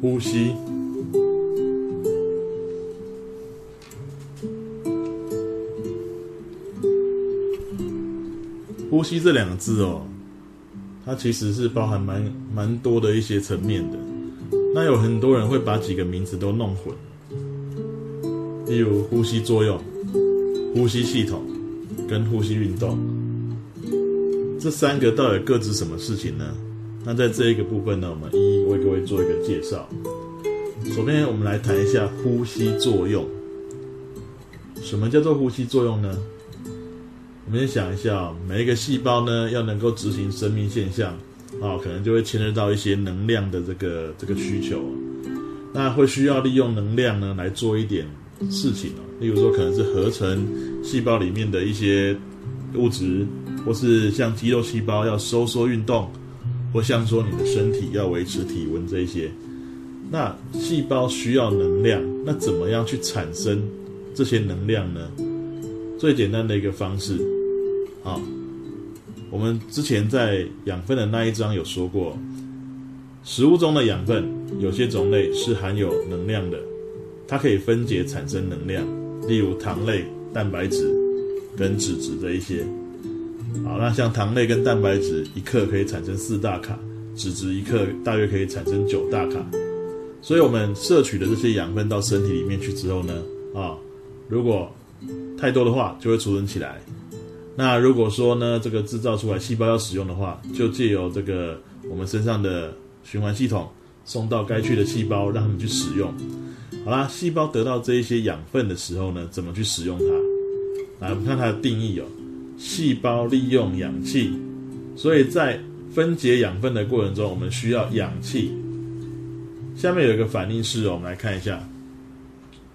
呼吸，呼吸這兩個字哦，它其實是包含蠻蠻多的一些層面的。那有很多人會把幾個名詞都弄混，例如呼吸作用、呼吸系統跟呼吸運動，這三個到底各自什麼事情呢？那在這一個部分呢，我們一一。做一個介紹，首先我們來談一下呼吸作用。什麼叫做呼吸作用呢？我們先想一下，每一個細胞呢要能夠執行生命現象，啊、哦，可能就會牽扯到一些能量的這個這個需求。那會需要利用能量呢來做一點事情，例如說可能是合成細胞裡面的一些物質，或是像肌肉細胞要收縮運動。或像說你的身體要維持體溫這一些，那細胞需要能量，那怎麼樣去產生這些能量呢？最簡單的一個方式，好、啊，我們之前在養分的那一章有說過，食物中的養分有些種類是含有能量的，它可以分解產生能量，例如糖類、蛋白質跟脂質這一些。好，那像糖類跟蛋白質，一克可以產生四大卡，脂質一克大約可以產生九大卡。所以，我們攝取的這些養分到身體裡面去之後呢，啊、哦，如果太多的話，就會儲存起來。那如果說呢，這個製造出來細胞要使用的話，就借由這個我們身上的循環系統，送到該去的細胞，讓他們去使用。好啦，細胞得到這一些養分的時候呢，怎麼去使用它？來、啊，我們看它的定義哦。細胞利用氧氣，所以在分解養分的過程中，我們需要氧氣。下面有一個反應式哦，我們來看一下。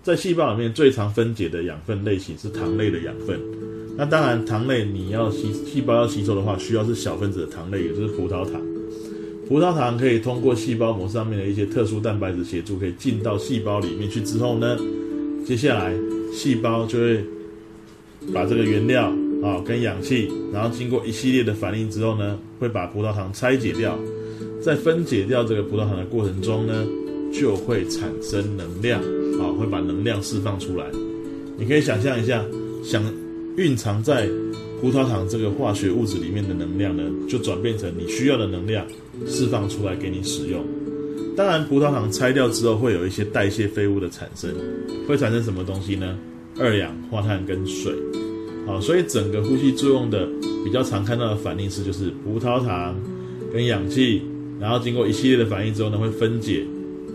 在細胞裡面最常分解的養分類型是糖類的養分。那當然，糖類你要吸細胞要吸收的話，需要是小分子的糖類，也就是葡萄糖。葡萄糖可以通過細胞膜上面的一些特殊蛋白質協助，可以進到細胞裡面去之後呢，接下來細胞就會把這個原料。啊、哦，跟氧氣，然後經過一系列的反應之後呢，會把葡萄糖拆解掉，在分解掉這個葡萄糖的過程中呢，就會產生能量，啊、哦，會把能量釋放出來。你可以想象一下，想蘊藏在葡萄糖這個化學物質裡面的能量呢，就轉變成你需要的能量，釋放出來給你使用。當然，葡萄糖拆掉之後會有一些代謝廢物的產生，會產生什麼東西呢？二氧化碳跟水。好，所以整個呼吸作用的比較常看到的反應是，就是葡萄糖跟氧氣，然後經過一系列的反應之後呢，會分解，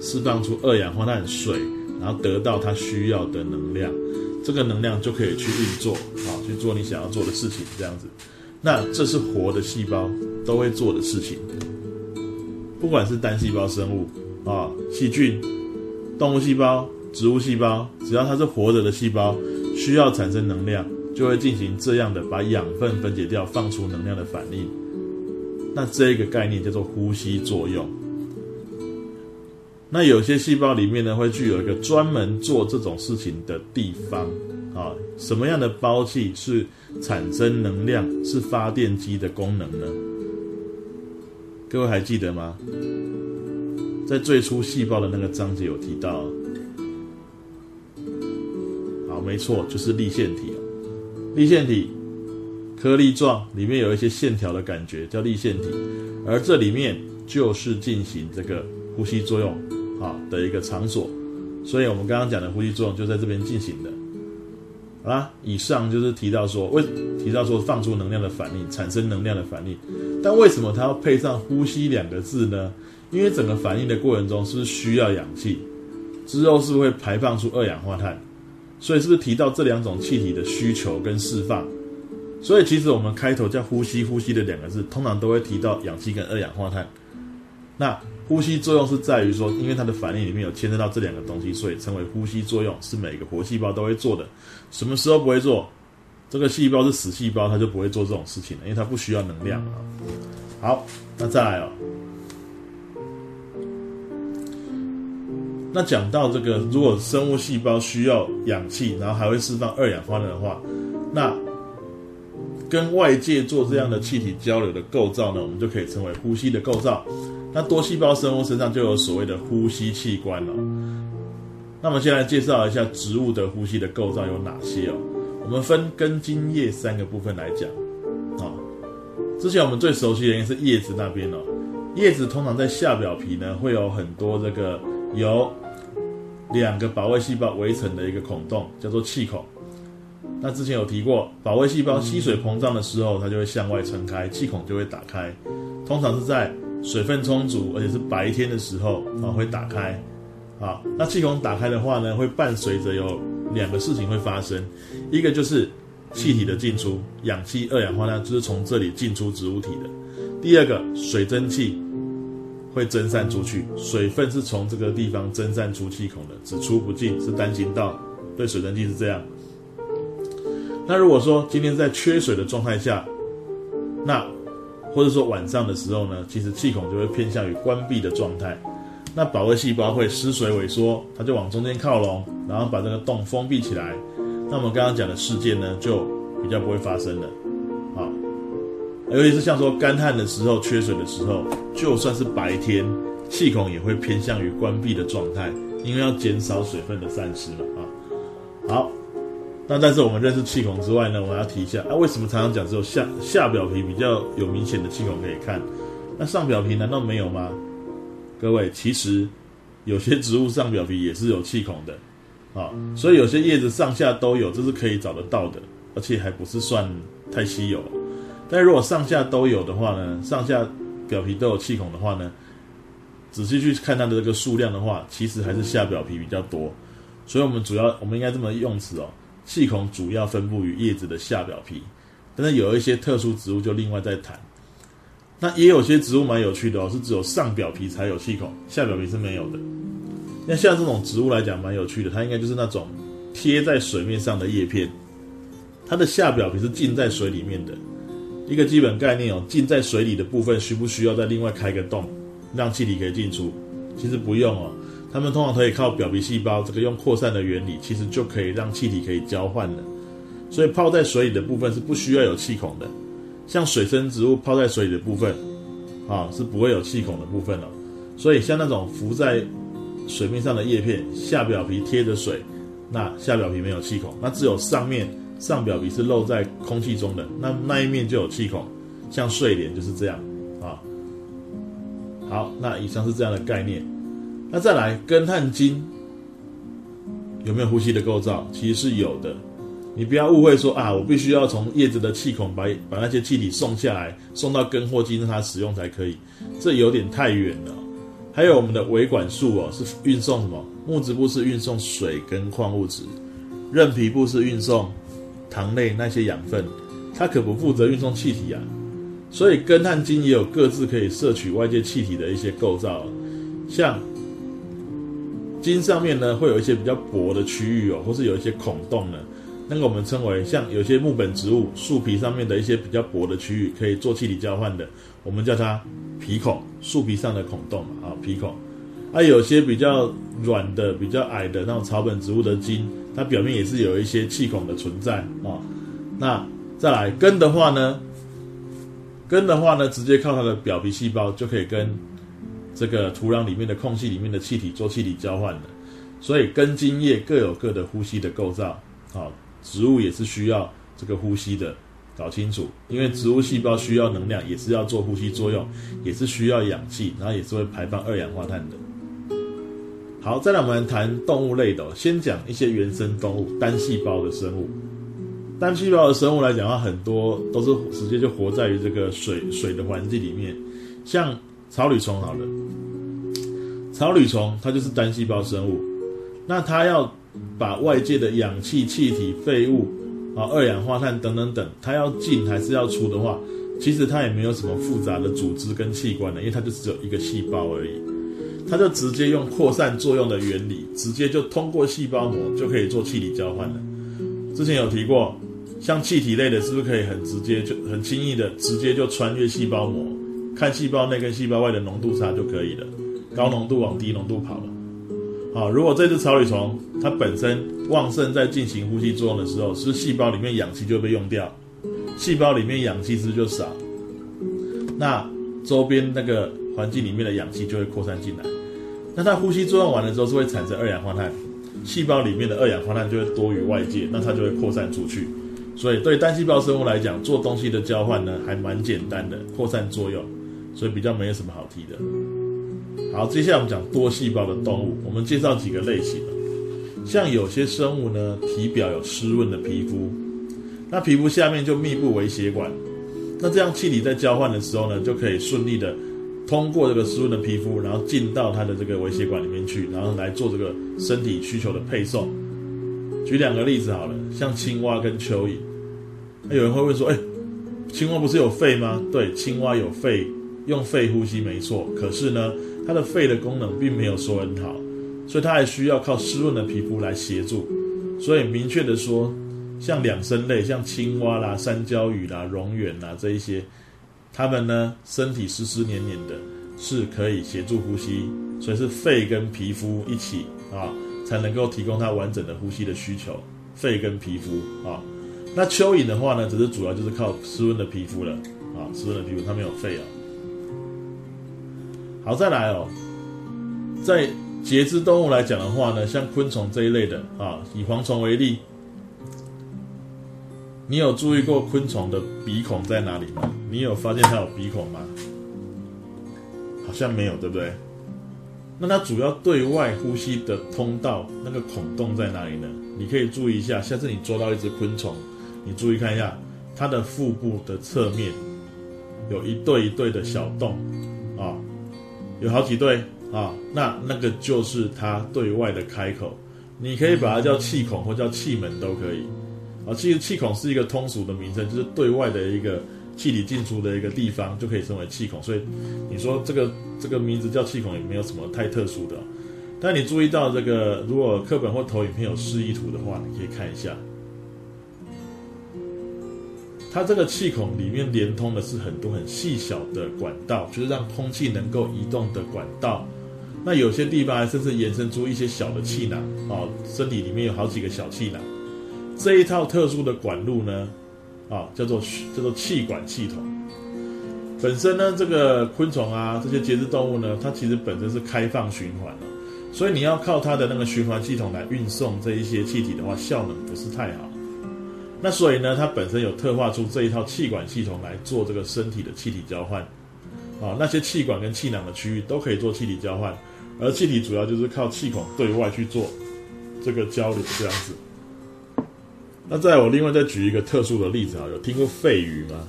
釋放出二氧化碳、水，然後得到它需要的能量。這個能量就可以去運作，好，去做你想要做的事情，這樣子。那這是活的細胞都會做的事情，不管是單細胞生物啊，細菌、動物細胞、植物細胞，只要它是活着的細胞，需要產生能量。就會進行這樣的把養分分解掉，放出能量的反應。那這一個概念叫做呼吸作用。那有些細胞裡面呢，會具有一個專門做這種事情的地方啊。什麼樣的胞器是產生能量、是發電機的功能呢？各位還記得嗎？在最初細胞的那個章節有提到。好，沒錯，就是粒線體。粒線體顆粒狀，裡面有一些線條的感覺，叫粒線體。而這裡面就是進行這個呼吸作用啊的一個場所。所以我們剛剛講的呼吸作用就在這邊進行的。好啦，以上就是提到說，為提到說放出能量的反應，產生能量的反應。但為什麼它要配上呼吸兩個字呢？因為整個反應的過程中是不是需要氧氣？之後是不是會排放出二氧化碳？所以是不是提到這兩種氣體的需求跟釋放？所以其實我們開頭叫呼吸呼吸的兩個字，通常都會提到氧氣跟二氧化碳。那呼吸作用是在於說，因為它的反應裡面有牽扯到這兩個東西，所以稱為呼吸作用，是每個活細胞都會做的。什麼時候不會做？這個細胞是死細胞，它就不會做這種事情了，因為它不需要能量啊。好，那再來哦。那講到這個，如果生物細胞需要氧氣，然後還會釋放二氧化碳的，的話，那跟外界做這樣的氣體交流的構造呢，我們就可以稱為呼吸的構造。那多細胞生物身上就有所謂的呼吸器官了，哦。那我們先來介紹一下植物的呼吸的構造有哪些哦。我們分根、莖、葉三個部分來講，哦。之前我們最熟悉的原因是葉子那邊哦。葉子通常在下表皮呢，會有很多這個有。兩個保衛細胞圍成的一個孔洞叫做氣孔。那之前有提過，保衛細胞吸水膨脹的時候，它就會向外撐開，氣孔就會打開。通常是在水分充足而且是白天的時候啊，會打開。好，那氣孔打開的話呢，會伴隨着有兩個事情會發生，一個就是氣體的進出，氧氣、二氧化碳就是從這裡進出植物體的。第二個水蒸氣，會蒸散出去，水分是從這個地方蒸散出氣孔的，只出不進，是單行道。對，水蒸氣是這樣。那如果說今天在缺水的狀態下，那或者說晚上的時候呢，其實氣孔就會偏向於關閉的狀態，那保衛細胞會失水萎縮，它就往中間靠攏，然後把這個洞封閉起來，那我們剛剛講的事件呢，就比較不會發生了。尤其是像說乾旱的時候，缺水的時候，就算是白天，氣孔也會偏向於關閉的狀態，因為要減少水分的散失嘛。啊、哦，好，那但是我們認識氣孔之外呢，我們要提一下，啊，為什麼常常講只有下下表皮比較有明顯的氣孔可以看？那上表皮難道沒有嗎？各位，其實有些植物上表皮也是有氣孔的，啊、哦，所以有些葉子上下都有，這是可以找得到的，而且還不是算太稀有。但如果上下都有的話呢？上下表皮都有氣孔的話呢？仔細去看它的這個數量的話，其實還是下表皮比較多。所以，我們主要我們應該這麼用詞哦：氣孔主要分布於葉子的下表皮。但是，有一些特殊植物就另外再談。那也有些植物蠻有趣的哦，是只有上表皮才有氣孔，下表皮是沒有的。那像這種植物來講蠻有趣的，它應該就是那種貼在水面上的葉片，它的下表皮是浸在水裡面的。一個基本概念哦，浸在水裡的部分需不需要再另外開個洞，讓氣體可以進出？其實不用哦，它們通常可以靠表皮細胞這個用擴散的原理，其實就可以讓氣體可以交換了。所以泡在水裡的部分是不需要有氣孔的，像水生植物泡在水裡的部分，啊，是不會有氣孔的部分了哦。所以像那種浮在水面上的葉片，下表皮貼着水，那下表皮沒有氣孔，那只有上面。上表皮是露在空氣中的，那那一面就有氣孔，像睡蓮就是這樣啊。好，那以上是這樣的概念。那再來根、碳、莖有沒有呼吸的構造？其實是有的。你不要誤會說啊，我必須要從葉子的氣孔把把那些氣體送下來，送到根或莖讓它使用才可以，這有點太遠了。還有我們的維管束哦，是運送什麼？木質部是運送水跟礦物質，韌皮部是運送。糖類那些養分，它可不負責運送氣體啊，所以根和莖也有各自可以攝取外界氣體的一些構造。像莖上面呢，會有一些比較薄的區域哦，或是有一些孔洞呢，那個我們稱為，像有些木本植物樹皮上面的一些比較薄的區域可以做氣體交換的，我們叫它皮孔，樹皮上的孔洞啊，皮孔。啊有些比較軟的、比較矮的那種草本植物的莖。它表面也是有一些氣孔的存在啊、哦，那再來根的話呢，根的話呢，直接靠它的表皮細胞就可以跟這個土壤裡面的空隙裡面的氣體做氣體交換了。所以根、莖、葉各有各的呼吸的構造啊、哦，植物也是需要這個呼吸的。搞清楚，因為植物細胞需要能量，也是要做呼吸作用，也是需要氧氣，然後也是會排放二氧化碳的。好，再來我們談動物類的哦，先講一些原生動物，單細胞的生物。單細胞的生物來講的話，很多都是直接就活在於這個水水的環境裡面，像草履蟲好了，草履蟲它就是單細胞生物，那它要把外界的氧氣、氣體、廢物啊、二氧化碳等等等，它要進還是要出的話，其實它也沒有什麼複雜的組織跟器官的，因為它就只有一個細胞而已。它就直接用擴散作用的原理，直接就通過細胞膜就可以做氣體交換了。之前有提過，像氣體類的，是不是可以很直接、就很輕易的直接就穿越細胞膜，看細胞內跟細胞外的濃度差就可以了，高濃度往低濃度跑了。好、啊，如果這只草履蟲它本身旺盛在進行呼吸作用的時候，是不是細胞裡面氧氣就會被用掉，細胞裡面氧氣是不是就少？那周邊那個環境裡面的氧氣就會擴散進來。那它呼吸作用完了之後是會產生二氧化碳，細胞裡面的二氧化碳就會多於外界，那它就會擴散出去。所以對單細胞生物來講，做東西的交換呢，還蠻簡單的，擴散作用，所以比較沒有什麼好提的。好，接下來我們講多細胞的動物，我們介紹幾個類型。像有些生物呢，體表有濕潤的皮膚，那皮膚下面就密布微血管，那這樣氣體在交換的時候呢，就可以順利的。通過這個濕潤的皮膚，然後進到它的這個微血管裡面去，然後來做這個身體需求的配送。舉兩個例子好了，像青蛙跟蚯蚓。啊、有人會問說：“誒、哎，青蛙不是有肺嗎？”對，青蛙有肺，用肺呼吸沒錯。可是呢，它的肺的功能並沒有說很好，所以它還需要靠濕潤的皮膚來協助。所以明確的說，像兩生類，像青蛙啦、山椒魚啦、蠑螈啦這一些。它們呢，身體濕濕黏黏的，是可以協助呼吸，所以是肺跟皮膚一起啊，才能夠提供它完整的呼吸的需求。肺跟皮膚啊，那蚯蚓的話呢，只是主要就是靠濕潤的皮膚了啊，濕潤的皮膚它沒有肺啊。好，再來哦，在節肢動物來講的話呢，像昆蟲這一類的啊，以蝗蟲為例。你有注意過昆蟲的鼻孔在哪裡嗎？你有發現它有鼻孔嗎？好像沒有，對不對？那它主要對外呼吸的通道，那個孔洞在哪裡呢？你可以注意一下，下次你捉到一隻昆蟲，你注意看一下它的腹部的側面，有一對一對的小洞，啊、哦，有好幾對啊、哦，那那個就是它對外的開口，你可以把它叫氣孔或叫氣門都可以。啊，其實氣孔是一個通俗的名稱，就是對外的一個氣體進出的一個地方，就可以稱為氣孔。所以你說這個這個名字叫氣孔也沒有什麼太特殊的。但你注意到這個，如果課本或投影片有示意圖的話，你可以看一下，它這個氣孔裡面連通的是很多很細小的管道，就是讓空氣能夠移動的管道。那有些地方還甚至延伸出一些小的氣囊啊、哦，身體裡面有好幾個小氣囊。這一套特殊的管路呢，啊，叫做叫做氣管系統。本身呢，這個昆蟲啊，這些節肢動物呢，它其實本身是開放循環了，啊，所以你要靠它的那個循環系統來運送這一些氣體的話，效能不是太好。那所以呢，它本身有特化出這一套氣管系統來做這個身體的氣體交換。啊，那些氣管跟氣囊的區域都可以做氣體交換，而氣體主要就是靠氣孔對外去做這個交流，這樣子。那再來我另外再舉一個特殊的例子啊，有聽過肺魚嗎？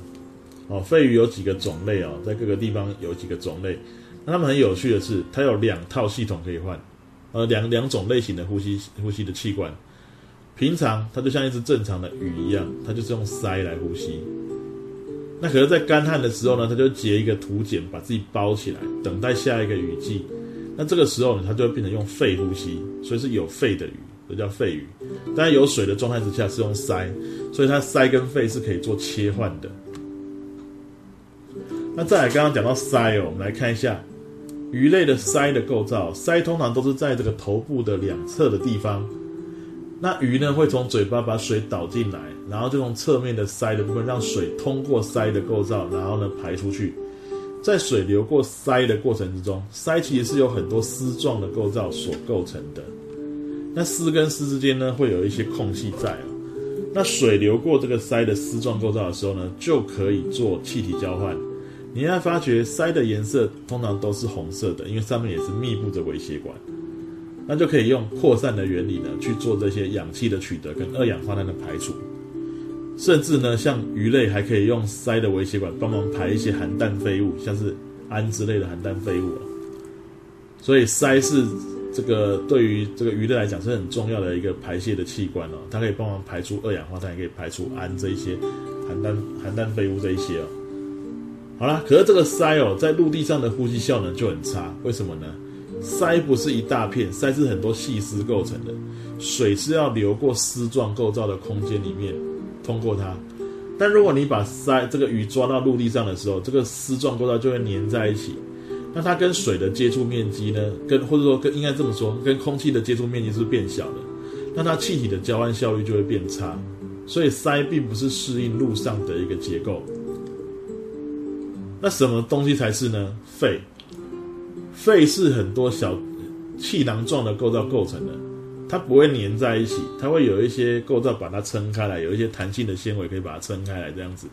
哦，肺魚有幾個種類哦，在各個地方有幾個種類。那它們很有趣的是，它有兩套系統可以換，呃，兩兩種類型的呼吸呼吸的器官。平常它就像一隻正常的魚一樣，它就是用鰓來呼吸。那可是，在乾旱的時候呢，它就結一個土繭，把自己包起來，等待下一個雨季。那這個時候呢，它就會變成用肺呼吸，所以是有肺的魚。都叫肺魚，當然有水的狀態之下是用鰓，所以它鰓跟肺是可以做切換的。那再來剛剛講到鰓哦，我們來看一下魚類的鰓的構造。鰓通常都是在這個頭部的兩側的地方。那魚呢，會從嘴巴把水倒進來，然後就從側面的鰓的部分讓水通過鰓的構造，然後呢排出去。在水流過鰓的過程之中，鰓其實是由很多絲狀的構造所構成的。那絲跟絲之間呢，會有一些空隙在哦。那水流過這個鰓的絲狀構造的時候呢，就可以做氣體交換。你要發覺，鰓的顏色通常都是紅色的，因為上面也是密布着微血管。那就可以用擴散的原理呢，去做這些氧氣的取得跟二氧化碳的排除。甚至呢，像魚類還可以用鰓的微血管幫忙排一些含氮廢物，像是氨之類的含氮廢物哦。所以，鰓是。這個對於這個魚類來講是很重要的一個排泄的器官哦，它可以幫忙排出二氧化碳，也可以排出氨這一些含氮含氮廢物這一些哦。好啦，可是這個鰓哦，在陸地上的呼吸效能就很差，為什麼呢？鰓不是一大片，鰓是很多細絲構成的，水是要流過絲狀構造的空間裡面通過它。但如果你把鰓這個魚抓到陸地上的時候，這個絲狀構造就會粘在一起。那它跟水的接觸面積呢，跟或者說跟應該這麼說，跟空氣的接觸面積是變小的，那它氣體的交換效率就會變差，所以鰓並不是適應陸上的一個結構。那什麼東西才是呢？肺，肺是很多小氣囊狀的構造構成的，它不會粘在一起，它會有一些構造把它撐開來，有一些彈性的纖維可以把它撐開來，這樣子，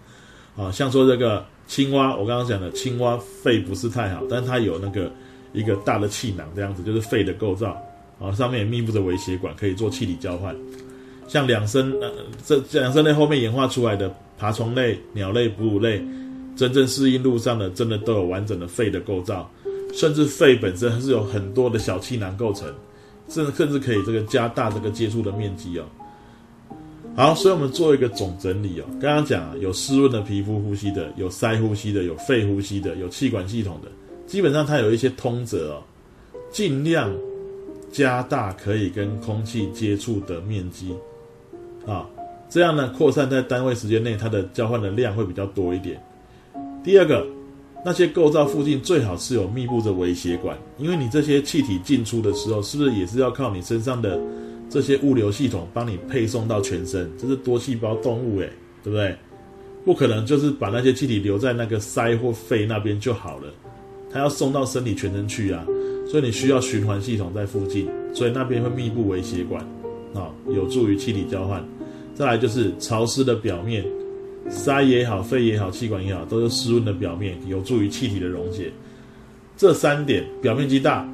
啊，像說這個。青蛙，我剛剛講的青蛙肺不是太好，但是它有那個一個大的氣囊這樣子，就是肺的構造啊，上面也密佈着微血管，可以做氣體交換。像兩生，呃，這兩生類後面演化出來的爬蟲類、鳥類、哺乳類，真正適應陸上的，真的都有完整的肺的構造，甚至肺本身還是有很多的小氣囊構成，甚甚至可以這個加大這個接觸的面積哦。好，所以我們做一個總整理哦。剛剛講有濕潤的皮膚呼吸的，有鰓呼吸的，有肺呼吸的，有氣管系統的，基本上它有一些通則哦，盡量加大可以跟空氣接觸的面積啊，哦，這樣呢擴散在單位時間內它的交換的量會比較多一點。第二個，那些構造附近最好是有密布着微血管，因為你這些氣體進出的時候，是不是也是要靠你身上的？這些物流系統幫你配送到全身，這是多細胞動物誒，對不對？不可能就是把那些氣體留在那個鰓或肺那邊就好了，它要送到身體全身去啊，所以你需要循環系統在附近，所以那邊會密布微血管，啊、哦，有助於氣體交換。再來就是潮濕的表面，鰓也好，肺也好，氣管也好，都是濕潤的表面，有助於氣體的溶解。這三點表面積大，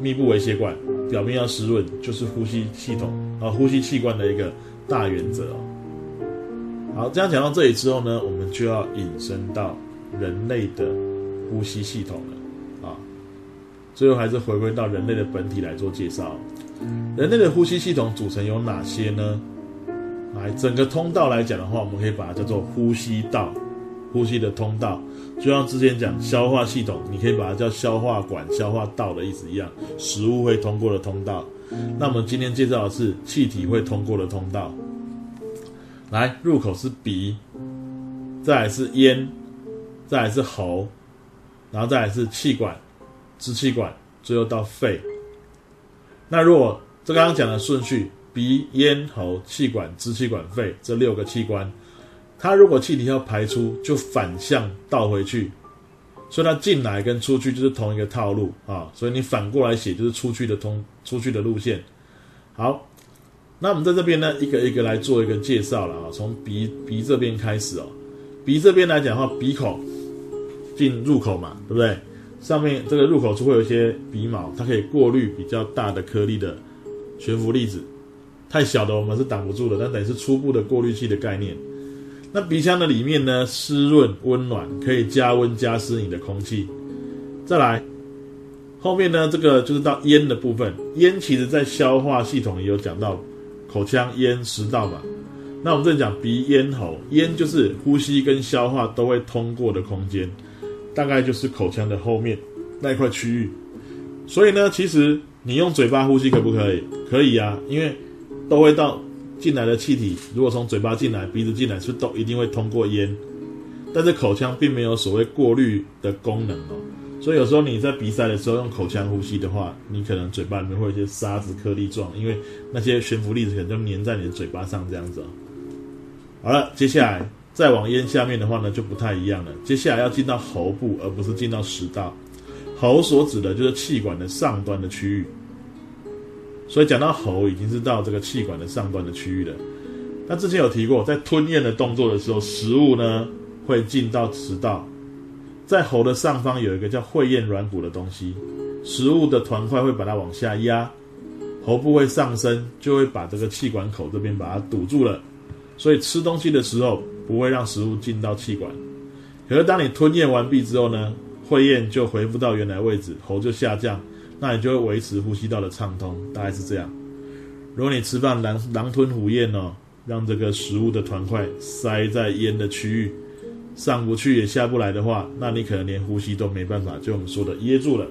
密布微血管。表面要濕潤，就是呼吸系統啊，呼吸器官的一個大原則。好，這樣講到這裡之後呢，我們就要引申到人類的呼吸系統了啊。最後還是回歸到人類的本體來做介紹。人類的呼吸系統組成有哪些呢？來，整個通道來講的話，我們可以把它叫做呼吸道。呼吸的通道，就像之前講消化系統，你可以把它叫消化管、消化道的意思一樣，食物會通過的通道。那我們今天介紹的是氣體會通過的通道。來，入口是鼻，再來是咽，再來是喉，然後再來是氣管、支氣管，最後到肺。那如果這剛剛講的順序，鼻、咽喉、氣管、支氣管、肺這六個器官。它如果氣體要排出，就反向倒回去，所以它進來跟出去就是同一個套路啊。所以你反過來寫就是出去的通，出去的路線。好，那我們在這邊呢，一個一個來做一個介紹了啊。從鼻鼻這邊開始哦、啊，鼻這邊來講的話，鼻孔進入口嘛，對不對？上面這個入口處會有一些鼻毛，它可以過濾比較大的顆粒的懸浮粒子，太小的我們是擋不住的，但等於是初步的過濾器的概念。那鼻腔的裡面呢，濕潤、溫暖，可以加溫加濕你的空氣。再來，後面呢，這個就是到咽的部分。咽其實，在消化系統也有講到，口腔、咽、食道嘛。那我們正講鼻咽喉，咽就是呼吸跟消化都會通過的空間，大概就是口腔的後面那一塊區域。所以呢，其實你用嘴巴呼吸可不可以？可以呀、啊，因為都會到。進來的氣體如果從嘴巴進來、鼻子進來，是都一定會通過咽，但是口腔並沒有所謂過濾的功能哦。所以有時候你在鼻塞的時候用口腔呼吸的話，你可能嘴巴裡面會有一些沙子顆粒狀，因為那些懸浮粒子可能就粘在你的嘴巴上這樣子哦。好了，接下來再往咽下面的話呢，就不太一樣了。接下來要進到喉部，而不是進到食道。喉所指的就是氣管的上端的區域。所以講到喉，已經是到這個氣管的上端的區域了。那之前有提過，在吞咽的動作的時候，食物呢會進到食道，在喉的上方有一個叫會厭軟骨的東西，食物的團塊會把它往下壓，喉部會上升，就會把這個氣管口這邊把它堵住了，所以吃東西的時候不會讓食物進到氣管。可是當你吞咽完畢之後呢，會厭就恢復到原來位置，喉就下降。那你就會維持呼吸道的暢通，大概是這樣。如果你吃飯狼狼吞虎嚥哦，讓這個食物的團塊塞在咽的區域，上不去也下不來的話，那你可能連呼吸都沒辦法。就我們說的，噎住了。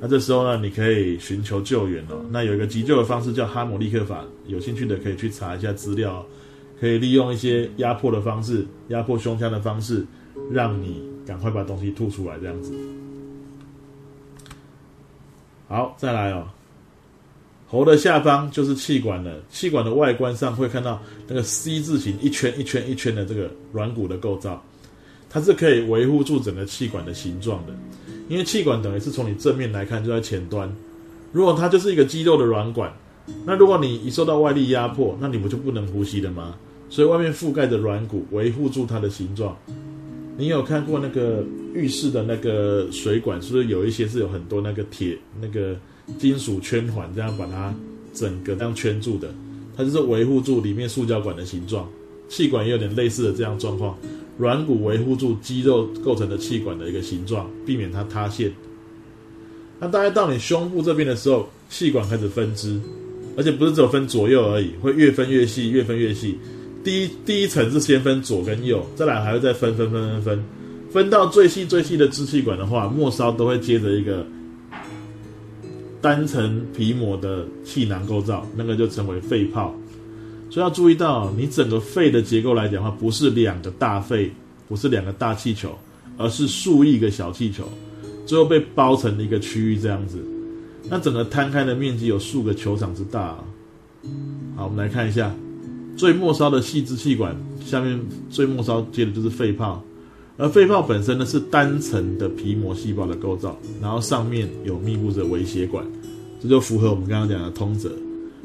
那這時候呢，你可以尋求救援哦。那有一個急救的方式叫哈姆立克法，有興趣的可以去查一下資料，哦，可以利用一些壓迫的方式，壓迫胸腔的方式，讓你趕快把東西吐出來，這樣子。好，再來哦。喉的下方就是氣管了。氣管的外觀上會看到那個 C 字形，一圈一圈一圈的這個軟骨的構造，它是可以維護住整個氣管的形狀的。因為氣管等於是從你正面來看就在前端，如果它就是一個肌肉的軟管，那如果你一受到外力壓迫，那你不就不能呼吸了嗎？所以外面覆蓋着軟骨維護住它的形狀。你有看過那個浴室的那個水管，是不是有一些是有很多那個鐵那個金屬圈環，這樣把它整個這樣圈住的？它就是維護住裡面塑膠管的形狀。氣管也有點類似的這樣狀況，軟骨維護住肌肉構成的氣管的一個形狀，避免它塌陷。那大概到你胸部這邊的時候，氣管開始分支，而且不是只有分左右而已，會越分越細，越分越細。第一，第一層是先分左跟右，再來還會再分、分、分、分、分，分到最細最細的支氣管的話，末梢都會接着一個單層皮膜的氣囊構造，那個就稱為肺泡。所以要注意到，你整個肺的結構來講的話，不是兩個大肺，不是兩個大氣球，而是數億個小氣球，最後被包成一個區域這樣子。那整個攤開的面積有數個球場之大。好，我們來看一下。最末梢的細支氣管下面最末梢接的就是肺泡，而肺泡本身呢，是單層的皮膜細胞的構造，然後上面有密布着微血管，這就符合我們剛剛講的通則，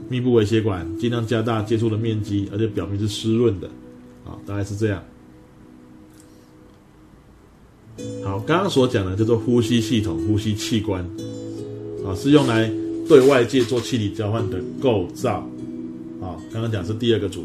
密布微血管，儘量加大接觸的面積，而且表面是濕潤的，啊，大概是這樣。好，剛剛所講的叫做呼吸系統、呼吸器官，啊，是用來對外界做氣體交換的構造。啊，剛剛講是第二個主題。